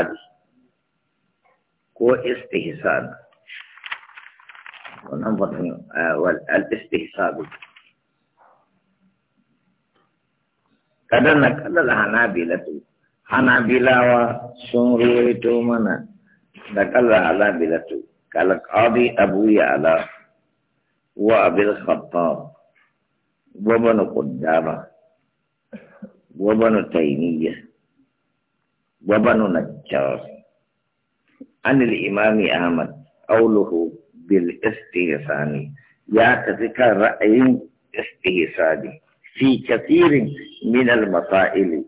استفعال هو استهسان وننظر آه، الاستهسان كدنا كدنا و حنابلة وسنريتو منا دكال الحنابلة قال قاضي أبو و وأبي الخطاب وابن قدامة وابن تيمية وبنو نجار عن الإمام أحمد قوله بالاستهسان يا تذكر رأي استهساني في كثير من المسائل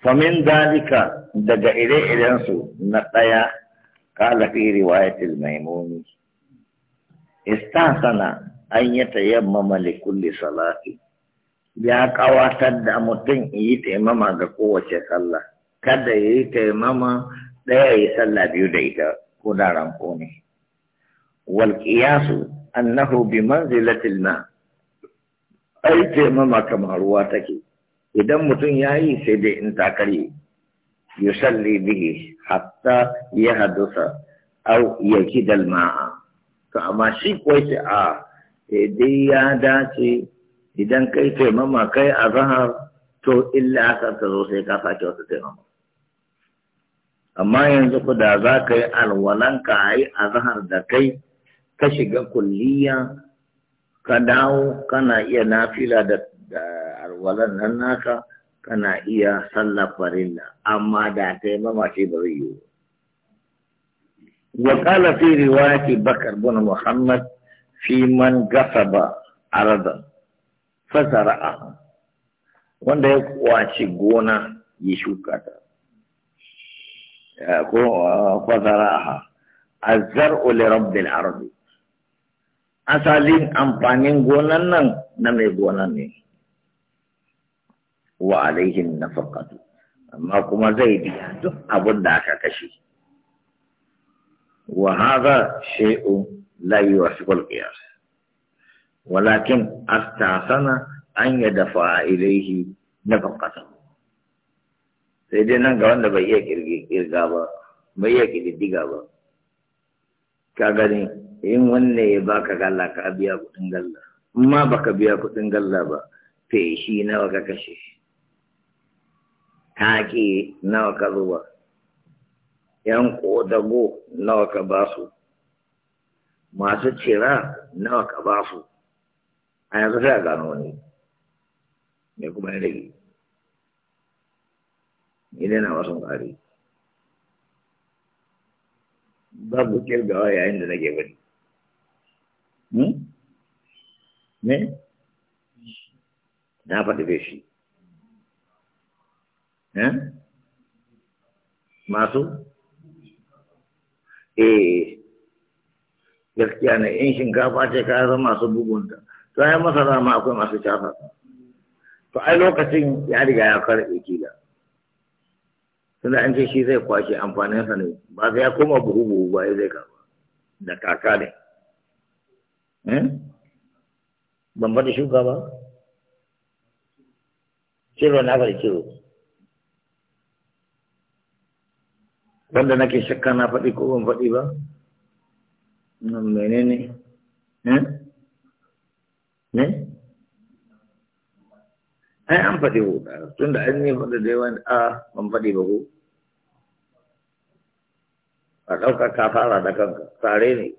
فمن ذلك دجا إليه الأنسو نقيا قال في رواية الميمون استحسن أن يتيمم لكل صلاة يا قواتد أمتن إيت إمام قوة الله kada ya yi taimama ɗaya ya yi sallah biyu da ita ko da ranko ne wal annahu bi manzilatil na ai taimama kamar ruwa take idan mutum ya yi sai dai in ta karye yusalli bihi hatta ya hadusa au yakidal ma'a to amma shi kuwa ce a eh, dai ya dace idan kai taimama kai a zahar to illa ka zo sai ka sake wata taimama amma yanzu ku da za ka yi alwalanka a yi azahar da kai ka shiga kulliya ka dawo kana iya nafila da alwalan nan naka kana iya sallar farilla amma da ta yi mamashi ba zai yi وقال في رواية بكر بن محمد في من قصب أرضا فزرعها wanda ya kwaci gona ya shuka ta ko eh, fazaraha azzar'u li rabbil ardi asalin amfanin gonan nan na mai gonan ne wa alaihin nafaqatu amma kuma zai biya duk abin da aka kashe wa hadha shay'u la yuwasiqul qiyas walakin astasana an yadfa ilaihi nafaqatahu sai dai nan ga wanda bai iya kirga ba bai iya kididdiga ba ka gani in wanne ya baka galla ka biya kudin galla in ma baka biya kudin galla ba feshi nawa ka kashe taki nawa ka zuba yan kodago nawa ka ba su? masu cira nawa ka ba su? a yanzu sai a gano wani ne kuma ya rage idan na wasan ƙari babu kirgawa yayin da nake bari hmm? ne na faɗi da shi masu eh gaskiya ne in shinkafa ce ka zama masu bugunta to ai masa ma akwai masu shafa. to ai lokacin ya riga ya karɓe kila tunda an ce shi zai kwashe amfaninsa ne ba sai ya koma buhu buhu ba zai karba da kaka ne eh? ban faɗi shuka ba ciro na faɗi ciro wanda nake shakka na faɗi ko ban faɗi ba hmm, menene ne eh? ai an faɗi wuta tunda an yi faɗi da yawan a ban faɗi ba ko a ɗaukar ka fara da kanka tare ne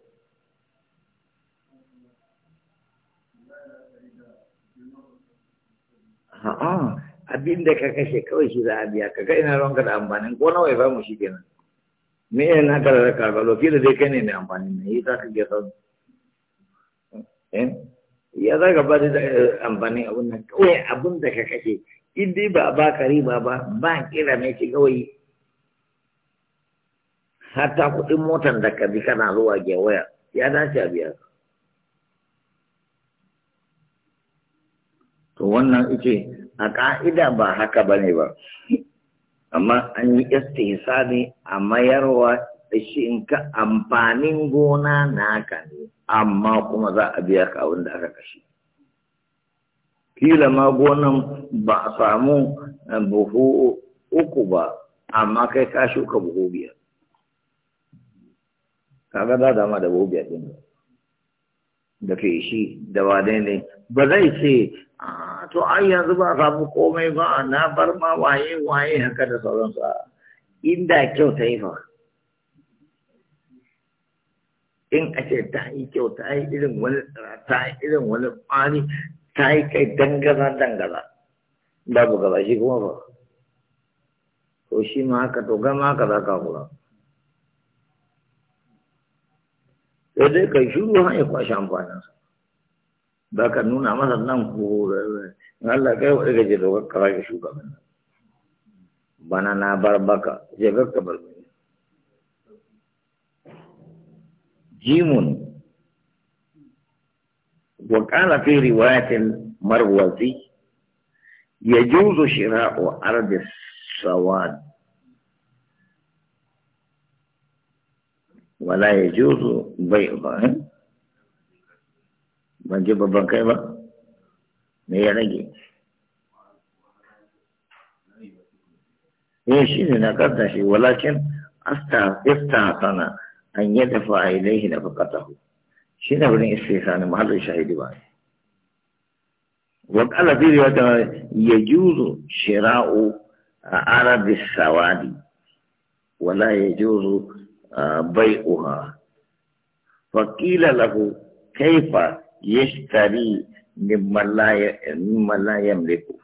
abin da ka kashe kawai shi za a biya ka kai na ranka da amfanin ko nawa ya samu shi kenan me ya na kara da karbalo fi da dai kai ne mai amfanin ne yi ta ka ke sau eh? ya za ka ba da eh, amfanin abin nan kawai abin da ka kashe in dai ba a ba ka riba ba ba kira mai shi kawai hatta kuɗin motar da ka bi kana zuwa gewaya ya dace a biya to wannan ice a ƙa'ida ba haka ba ne ba amma an yi istihsani a mayarwa ka amfanin gona naka ne amma kuma za a biya ka abin da aka kashe kila ma gonan ba a samu buhu uku ba amma kai ka shuka buhu biyar kaga za dama da a din da shi da ba ne ba zai ce to ai yanzu ba samu komai ba na bar ma waye waye haka da sauransu a. inda kyau ta yi fa in a ce ta yi kyau ta yi irin wani ta yi irin wani ƙwari ta yi kai dangaza dangaza babu gaba shi kuma ba ko shi ma haka to gama haka za ka kula sai dai kai shiru har ya kwashe amfaninsa ba ka nuna masa nan ko in Allah kai daga je da ka shuka shugaban na. bana na bar baka je ga ka bar mini jimun wa qala fi riwayatin marwazi yajuzu shira'u ardi sawad ولا يجوز بيضه بجيب بنكاي بقى ميرجي ايش اللي نقدر شيء ولكن استا استاثنا ان يدفع اليه نفقته شنو بن استيثان محل شاهد بقى وقال في رواية يجوز شراء عرب السوادي ولا يجوز bai uha faƙila lahu kai fa ya shi tari nima layan leku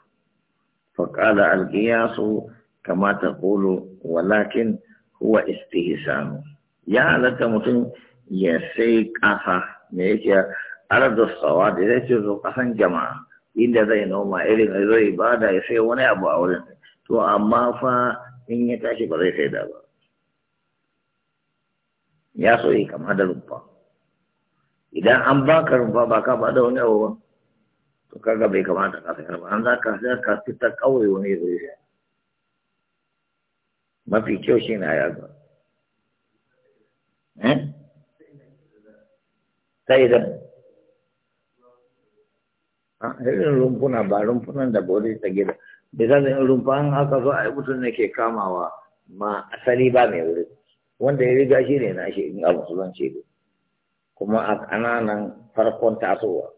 faƙala alƙiya su kamata kolo walakin huwa istihisan ya halatta mutum ya sai ƙasa me ya ce aladar sawa da zai ce zo ƙasan jama'a inda zai noma irin zai ba ya sai wani abu a wurin to amma fa in ya tashi ba zai kai da ba ya so yi kama da rumfa idan an baka rumfa ba ka bada wani abu ba to kaga bai kamata ka sayar ba an za ka sayar ka fita kawai wani zai sayar mafi kyau shi na ya ga eh? ta idan a irin rumfuna ba rumfunan da bori ta gida bai zan rumfa an haka zo a yi mutum ne ke kamawa ma asali ba mai wuri wanda ya riga shi ne na shi in su zance ne kuma a ƙananan farkon tasowa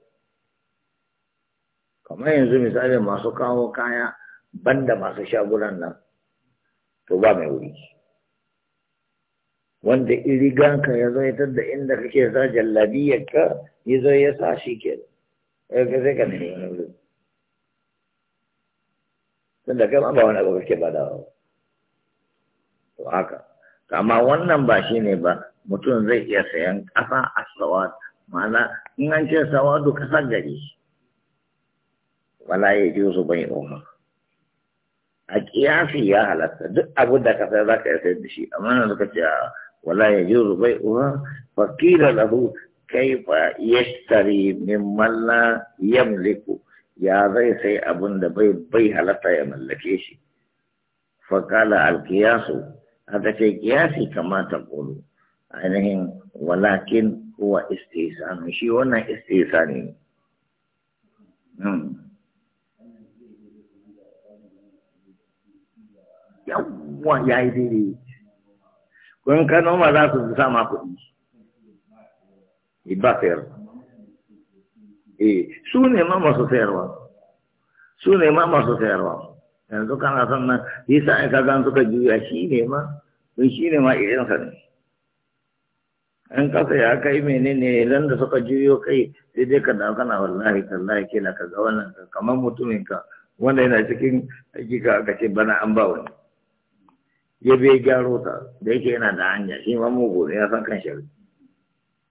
kamar yanzu misali masu kawo kaya banda masu shagunan nan to ba mai wuri wanda iriganka ya zaitar da inda kake sa jallabiyarka ya zo ya sa shi ke ga eh, zai ka nemi wani wuri tun da kai ma ba wani abu kake ba da to haka amma wannan ba shi ne ba mutum zai iya sayan ƙasa a sawadu ma'ana in an ce sawadu ƙasar gari wala ya ji su bai umar a ƙiyafi ya halatta duk abu da ka za ka yasa da shi amma na suka ce wala ya ji su yi umar fakila lahu kaifa yashtari mimman la ya zai sai abin da bai bai halatta ya mallake shi fakala alkiyasu هذا شيء قياسي كما تقول عليهم ولكن هو استئسان مشي وانا استئساني نعم. يوه يا ايدي كون كانوا ما لا تسمع كل يبافر ايه سوني ما ما سوفير وا سوني ما ما سوفير yanzu kana son nan yi sa ka zan suka juya shi ne ma don shi ne ma irinsa ne an kasa ya kai menene idan da suka juyo kai sai dai ka da kana wallahi tallahi ke ka ga wannan kamar mutumin ka wanda yana cikin hakika aka ce bana an ba wani ya bai gyaro ta da yake yana da hanya shi ma mugu ne ya san kan shari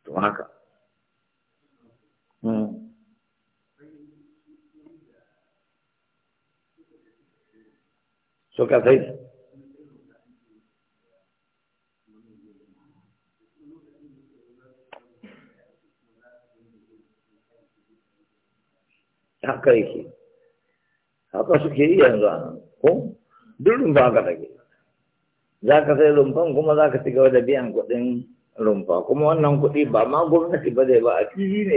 to haka suka Ya haka yake haka suke iya yanzu a nan ko duk ba haka take za ka sai rumfan kuma za ka ci gaba da biyan kuɗin rumfa kuma wannan kuɗi ba ma gwamnati ba zai ba a fili ne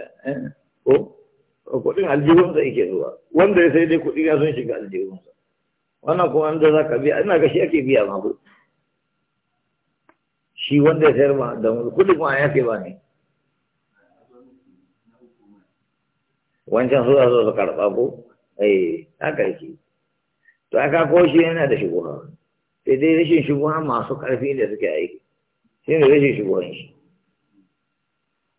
eh, eh, ko kuɗin aljihunsa yake zuwa wanda ya sai dai kuɗi ya sun shiga aljihunsa wannan kuma an da za ka biya ina ga shi ake biya ma shi wanda ya sayar ma da kuɗi kuma ya ke ba ne wancan su za su karɓa ko ai eh, haka yake to aka ko shi yana da shubuha sai dai rashin shubuha masu ƙarfi da suke aiki shi ne rashin shubuhan shi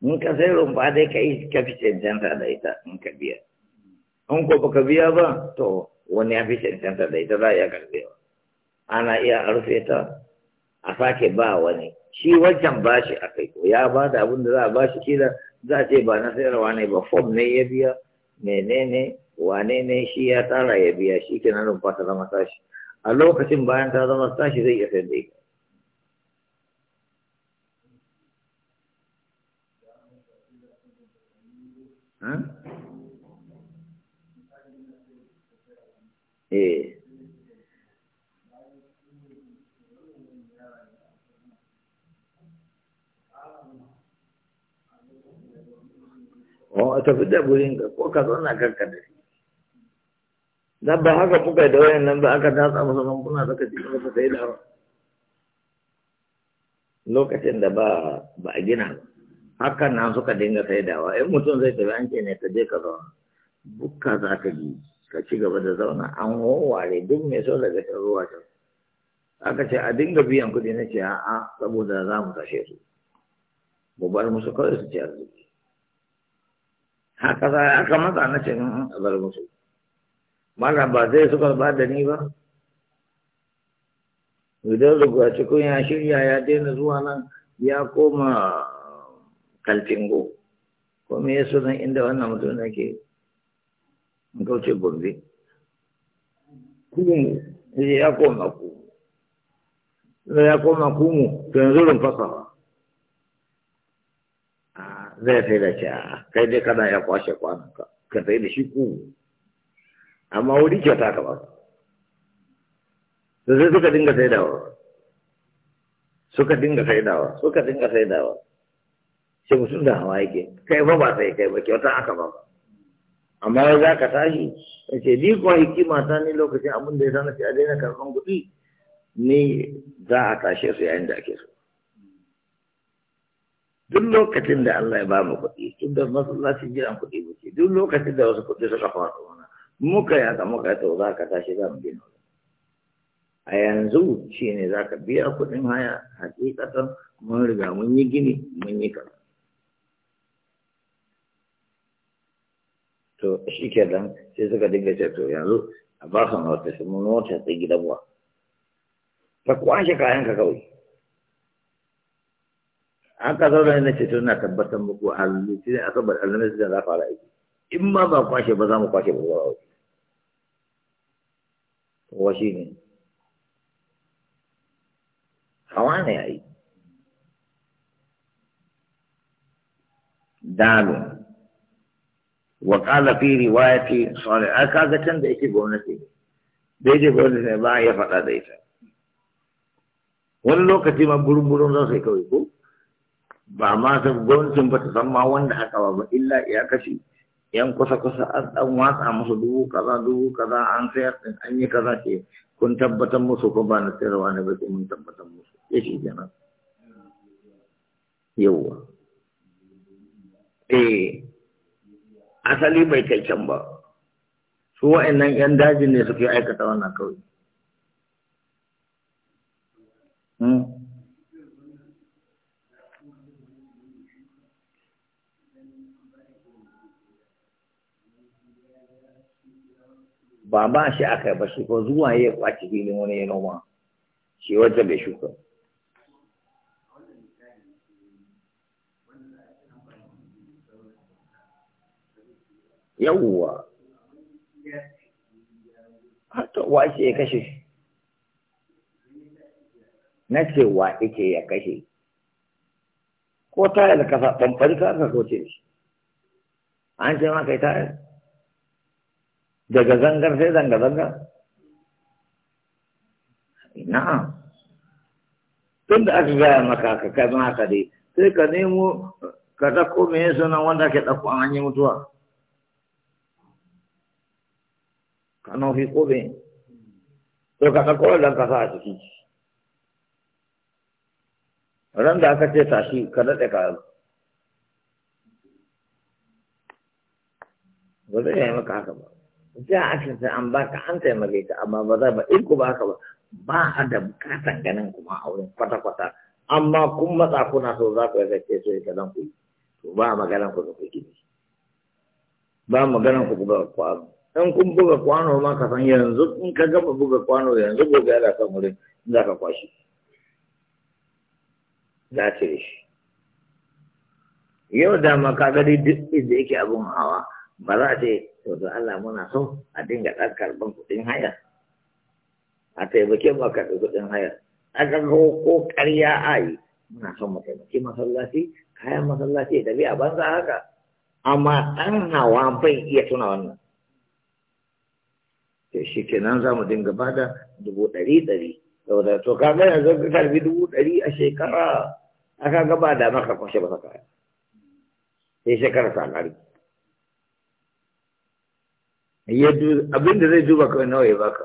in ka sai rumfa dai ka yi ka fi cancanta da ita in ka biya in ba to wani ya fi cancanta da ita za ya iya karbewa ana iya rufe ta a ba wani shi wancan ba shi a kai ya ba da abin da za a ba shi kila za a ce ba na sayarwa ne ba fom ya biya menene wanene shi ya tsara ya biya shi kenan rumfa ta zama tashi a lokacin bayan ta zama tashi zai iya sayar da eh oh, tafi da gurin ka ko ka zauna kanka da shi dan ba haka kuka da wayan nan ba aka tatsa masa nan kuna saka jikin masa sai da lokacin da ba ba a gina ba hakan nan suka dinga saidawa in mutum zai tafi an ce ne ka je ka zauna bukka za ka ji ka ci gaba da zauna an wawware duk mai so daga ta ruwa can aka ce a dinga biyan kuɗi na ce a'a saboda za mu tashe su mu bar musu kawai su ci arziki haka za aka matsa na ce mm, mm, a bar musu mana ba zai suka ba da ni ba idan rubuwa cikin ya shirya ya daina zuwa nan ya koma kaltingo ko me ya sunan inda wannan mutum na ke kauce gombe kumu eh, ya koma kumu ya koma ku mu? to yanzu rumfasa zai sai da shi a kai dai kana ya kwashe kwananka ka sai da shi ku. amma wuri kyauta ka ba su sai suka dinga saidawa suka dinga saidawa suka dinga saidawa sai mutum da hawa yake kai ba ba sai kai ba kyauta aka ba amma amma za ka tashi in ce ni kuwa hikima ta ni lokacin abin da ya sanar shi a daina karɓan kuɗi ni za a tashe su yayin da ake so duk lokacin da Allah ya ba mu kuɗi tun da masallaci jiran kuɗi muke duk lokacin da wasu kuɗi suka faru mana muka yaka muka yi to za ka tashi za mu gina a yanzu shi ne za ka biya kuɗin haya hakikatan mun riga mun yi gini mun yi kaza to shi ke nan sai suka dinga ce to yanzu a ba su mota su mun mota ta gidan wa ta kwashe kayan ka kawai an ka zauna ne ce to na tabbatar muku halin sai asabar alamai su da za fara aiki in ma ba kwashe ba za mu kwashe ba zuwa mu wa shi ne hawa ne ya yi dalun wa qala fi riwayati salih aka ga can da yake gwamnati da yake gwamnati ba ya faɗa da ita wani lokaci ma burburun za su yi kawai ko ba ma san gwamnatin ba ta san ma wanda aka ba illa ya kashi, yan kusa-kusa an dan watsa musu dubu kaza dubu kaza an sayar din an yi kaza ce kun tabbatar musu ko ba na sayarwa ne ba sai mun tabbatar musu ya shi kenan yawwa eh asali bai kai can ba su wa'annan yan dajin ne suke aikata wannan kawai hmm? ba ba shi aka yi ba shi ko zuwa ya kwaci filin wani ya noma shi wajen bai shuka yawwa hato wa ya kashe na ce wa yake ya kashe ko tayar da kasa ɓamfari ka ka kauce shi an ce ma kai tayar daga zangar sai zanga-zanga na'am tun da aka gaya maka ka kai maka dai sai ka nemo ka ɗauko me suna wanda ke ɗauko an yi mutuwa kano fi kobe to ka ɗauko don ka sa a ran da aka ce shi ka daɗe ka ba zai yi maka ka ba ja a cikin an ka an taimake ka amma ba za ba in ku ba ka ba ba a da bukatan ganin kuma a wurin kwata-kwata amma kun matsa kuna so za ku yi ce so ya zan ku yi to ba maganan ku da ku ba maganan ku ba ku in kun buga kwano maka ka san yanzu in ka gaba buga kwano yanzu gobe ana kan wurin za ka kwashi za cire shi yau da maka gari gani duk inda yake abun hawa ba za a ce to da Allah muna so a dinga ɗan karɓar kuɗin haya a taimake mu a karɓi kuɗin haya a ga ko ƙarya a yi muna son mu taimaki masallaci kayan masallaci da biya banza haka amma ɗan hawa bai iya tuna wannan sai shi kenan za mu dinga ba da dubu ɗari ɗari saboda to kaga yanzu ka karbi dubu ɗari a shekara a ka gaba da maka kwashe ba kaya sai shekara ta alari abin da zai duba kawai nawa ya baka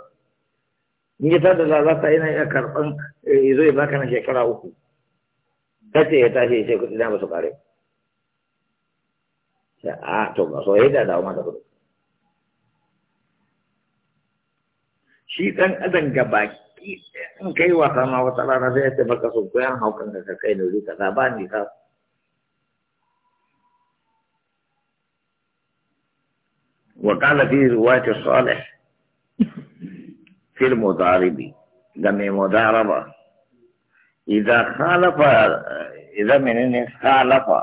in ya tada lalata yana iya karɓan eh, ya zo ya baka na shekara uku ce ya tashi ya ce kuɗi na ba su kare a to ba so ya da dawo mata kuɗi shi ɗan adam ga baki in kai wasa wata rana sai ya tabbaka sun ko yan haukan da ka kai nuri ka zaba ni ka wa kala fi ruwati salih fil mudaribi da mai mudaraba idan khalafa kalafa. menene khalafa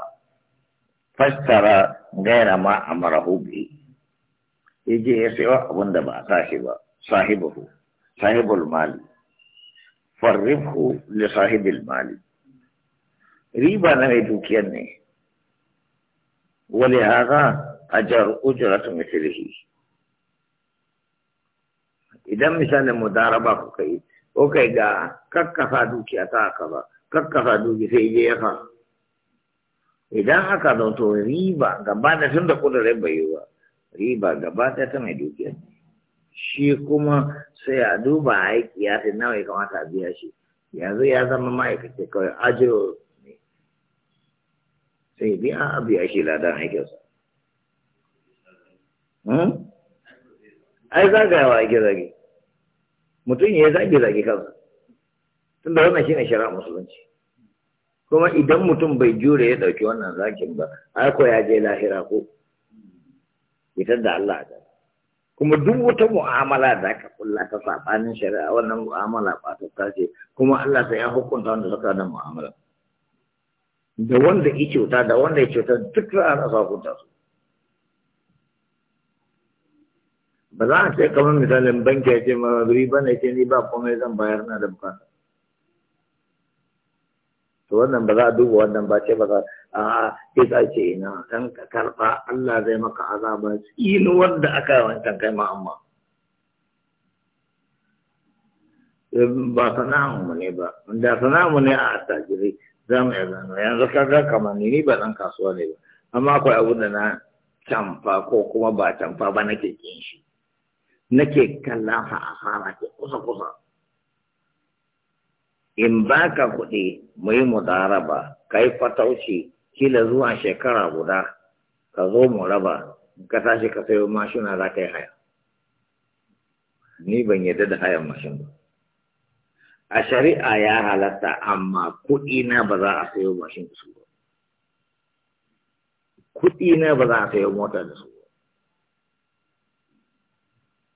fassara gaira ma amara hubi yaje ya sayo abin da ba a sa ba صاحبه صاحب المال فرفه لصاحب المال ريبا نوي نميدو كيني ولهذا أجر أجرة مثله إذا مثال مداربة كي أوكي جا ككفا دوكي كك ككفا دوكي جيخا إذا هكذا تو ريبا غبانة سندقون ربا يوا ريبا غبانة قبادة تميدو كيني shi kuma sai a duba aiki ya sai nawa ya kamata a biya shi yanzu ya zama ma'aikaci kawai ajiro ne sai biya a biya shi ladan aikinsa hmm? ai wa aiki zage mutum ya zage zage kansa tun da wannan shi ne shara musulunci kuma idan mutum bai jure ya ɗauki wannan zakin ba ai ko ya je lahira ko fitar da Allah a kuma duk wata mu'amala da aka kulla ta sabanin shari'a wannan mu'amala ba ta tace kuma Allah sai ya hukunta wanda suka da mu'amala da wanda ya cuta, da wanda ya cuta, duk za a hukunta su ba za a ce kamar misalin banki ya ce ma riba ne ce ni ba komai zan bayar na da bukata to wannan ba za a duba wannan ba ce ba za a ke za ce ina kan ka karba Allah zai maka azaba tsini wanda aka yi wancan kai ma amma ba sana'a mu ne ba da sana'a mu ne a attajiri za mu iya yanzu kaga kamar ni ba dan kasuwa ne ba amma akwai abun da na canfa ko kuma ba canfa ba nake kin shi nake kallon sa a fara ke kusa kusa in ba ka kuɗi mu yi mudaraba kai fatauci kila zuwa shekara guda ka zo mu raba ka tashi ka sayo mashina za ka yi haya ni ban yarda da hayan mashin ba a shari'a ya halatta amma kuɗina na ba za a sayo mashin da su ba kuɗi na ba za a sayo mota da su ba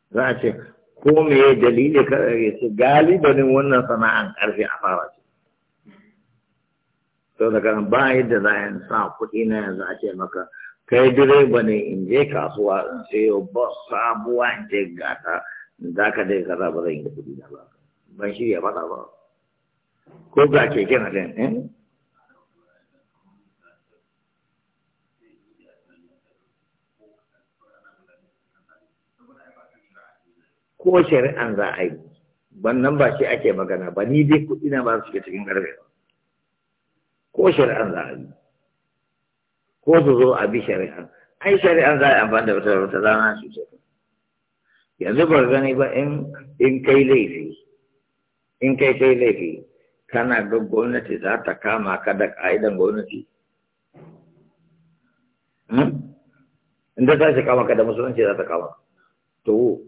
za a ce ko me ya dalili ka ya ce galibanin wannan sana'an karfi a fara ce to daga nan ba yadda za a sa kuɗi na yanzu a ce maka kai direba ne in je kasuwa in sayo ba sabuwa in je gata za ka dai kaza ba zan yi kuɗi na ba ban shirya faɗa ba ko ga keke na ɗin eh? ko shari'an za a yi wannan ba shi ake magana ba ni dai kuɗi na ba su shiga cikin ƙarfe ba ko shari'an za a yi ko su zo a bi shari'an ai shari'an za a yi amfani da wata wata rana su ce yanzu ba gani ba in kai laifi in kai kai laifi kana ga gwamnati za ta kama ka da ka'idan gwamnati hmm? inda ta shi kama ka da musulunci za ta kama to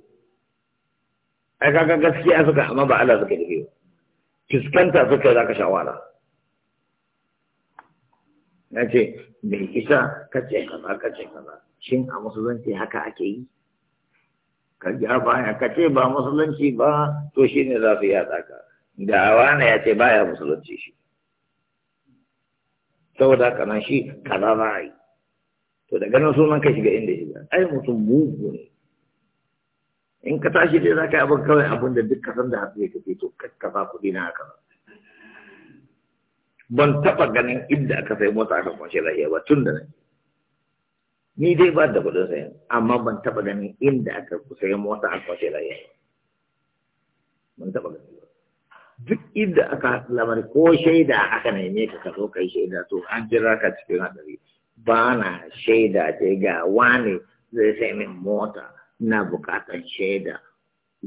ai kaga gaskiya suka amma ba Allah suka dake fiskanta suka yi zaka shawara na ce mai isa ka ce kaza ka ce kaza shin a musulunci haka ake yi ka ja baya ka ce ba musulunci ba to shi ne za su yatsa ka da wani ya ce baya musulunci shi saboda haka shi kaza ba a yi to da ganin sunan ka shiga inda shiga ai mutum bugu ne in ka tashi dai za ka yi abin kawai abin da duk kasan da hatsi ka to kakkafa kuɗi na haka ban taɓa ganin inda aka sai mota aka kwashe lahiya ba tun da nan ni dai ba da kuɗin sayan amma ban taɓa ganin inda aka sai mota aka kwashe lahiya ba ban taɓa ganin ba duk inda aka lamari ko shaida aka neme ka ka zo kai shaida to an jira ka cikin haɗari ba na shaida ce ga wane zai sai min mota na buƙatar shaida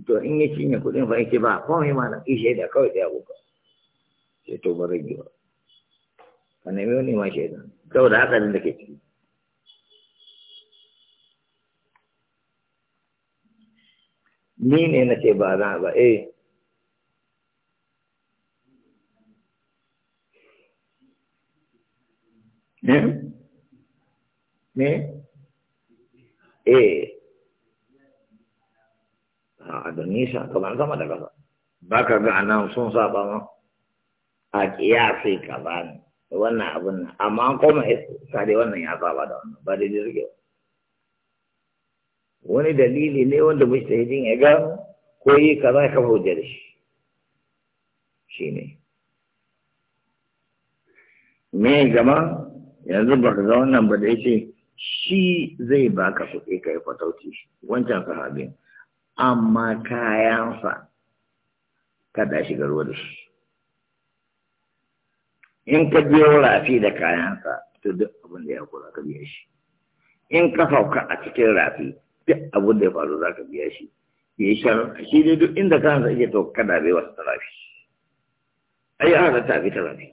to in ya cinye kuɗin fa yake ba komai ma na ki shaida kawai da abuka sai to bar rage ba ka nemi wani ma shaida saboda haka da ke ciki ni ne na ce ba za ba eh ne ne eh, eh? eh. a ah, da nisa kamar sama da kasa ba ka ga anan sun saba ma a kiyasi ka ba wannan abin nan amma an koma dai wannan ya saba da wannan ba da suke ba wani dalili ne wanda mujtahidin ya gano ko yi kaza za kafa hujja da shi ne. me gama yanzu ba ka ga wannan ba da ce? shi zai baka kuɗi kai fatauci wancan sahabin amma kayansa da shiga ruwa da su. in ka je rafi da kayansa to duk abin da ya kula ka biya shi in ka sauka a cikin rafi duk abin da ya faru za ka biya shi ya shar shi dai duk inda kayansa iya to kada bai wasu rafi ai ya hada tafi fi ta rafi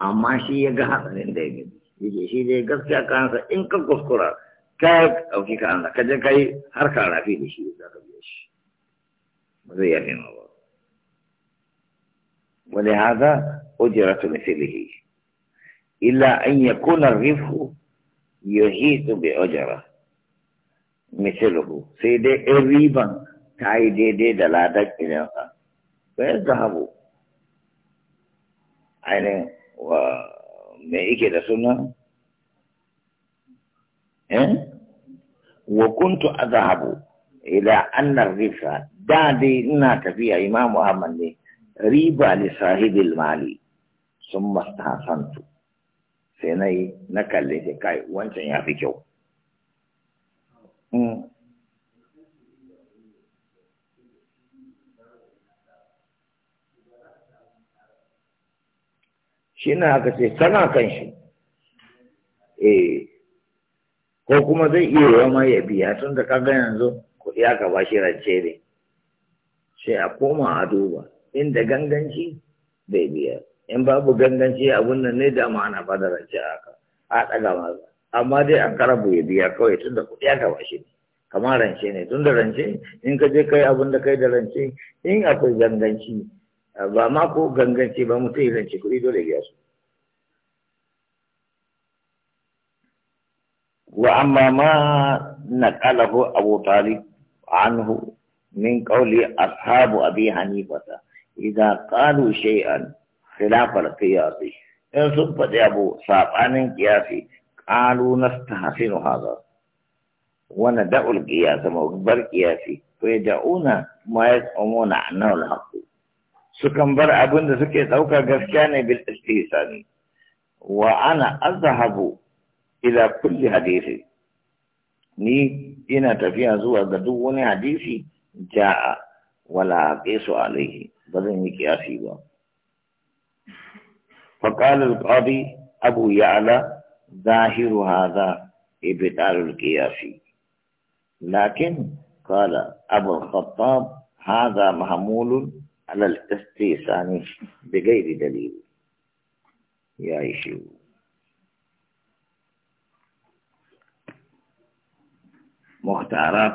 amma shi ya ga hatsarin da ya gani yake shi dai gaskiya kayansa in ka kuskura ka ɗauki ka Allah ka je ka yi har ka rafi da shi za ka biya shi ba zai yafe ma ba wani haza ujiratu mislihi illa an yakuna rifu yuhitu bi ujra mislihu sai dai in riban ta yi daidai da ladar idansa ba ya zahabu ainihin wa me yake da sunan Eh? wa kuntu azhabu ila anna rifa da dai ina tafiya imamu ahmad ne riba li sahibil mali sun mastahasantu sai na na kalle shi kai wancan ya fi kyau hmm. shi na haka ce "Sana kan shi eh ko kuma zai iya yawa ma ya biya tun da kaga yanzu kuɗi aka ba shi rance ne sai a koma a duba inda ganganci bai biya in babu ganganci abun nan ne da ma ana ba da rance haka a ɗaga maza amma dai an karabu ya biya kawai tun da kuɗi aka ba shi ne kamar rance ne tun da rance in ka je kai abun da kai da rance in akwai ganganci ba ma ko ganganci ba mutum ya rance kuɗi dole biya su وأما ما نقله أبو طالب عنه من قول أصحاب أبي حنيفة إذا قالوا شيئا خلاف القياس إن صبت أبو صابان قياسي قالوا نستحسن هذا وندع القياس مكبر قياسي فيدعون ما يزعمون عنه الحق سكن بر أبن سكي توقع قسكاني بالاستيسان وأنا أذهب إلى كل حديث ني إنا تفيا زوا وني حديثي جاء ولا أقيس عليه بذن كياسي با فقال القاضي أبو يعلى ظاهر هذا ابتال القياسي لكن قال أبو الخطاب هذا محمول على الاستيسان بغير دليل يا يشيو مختارات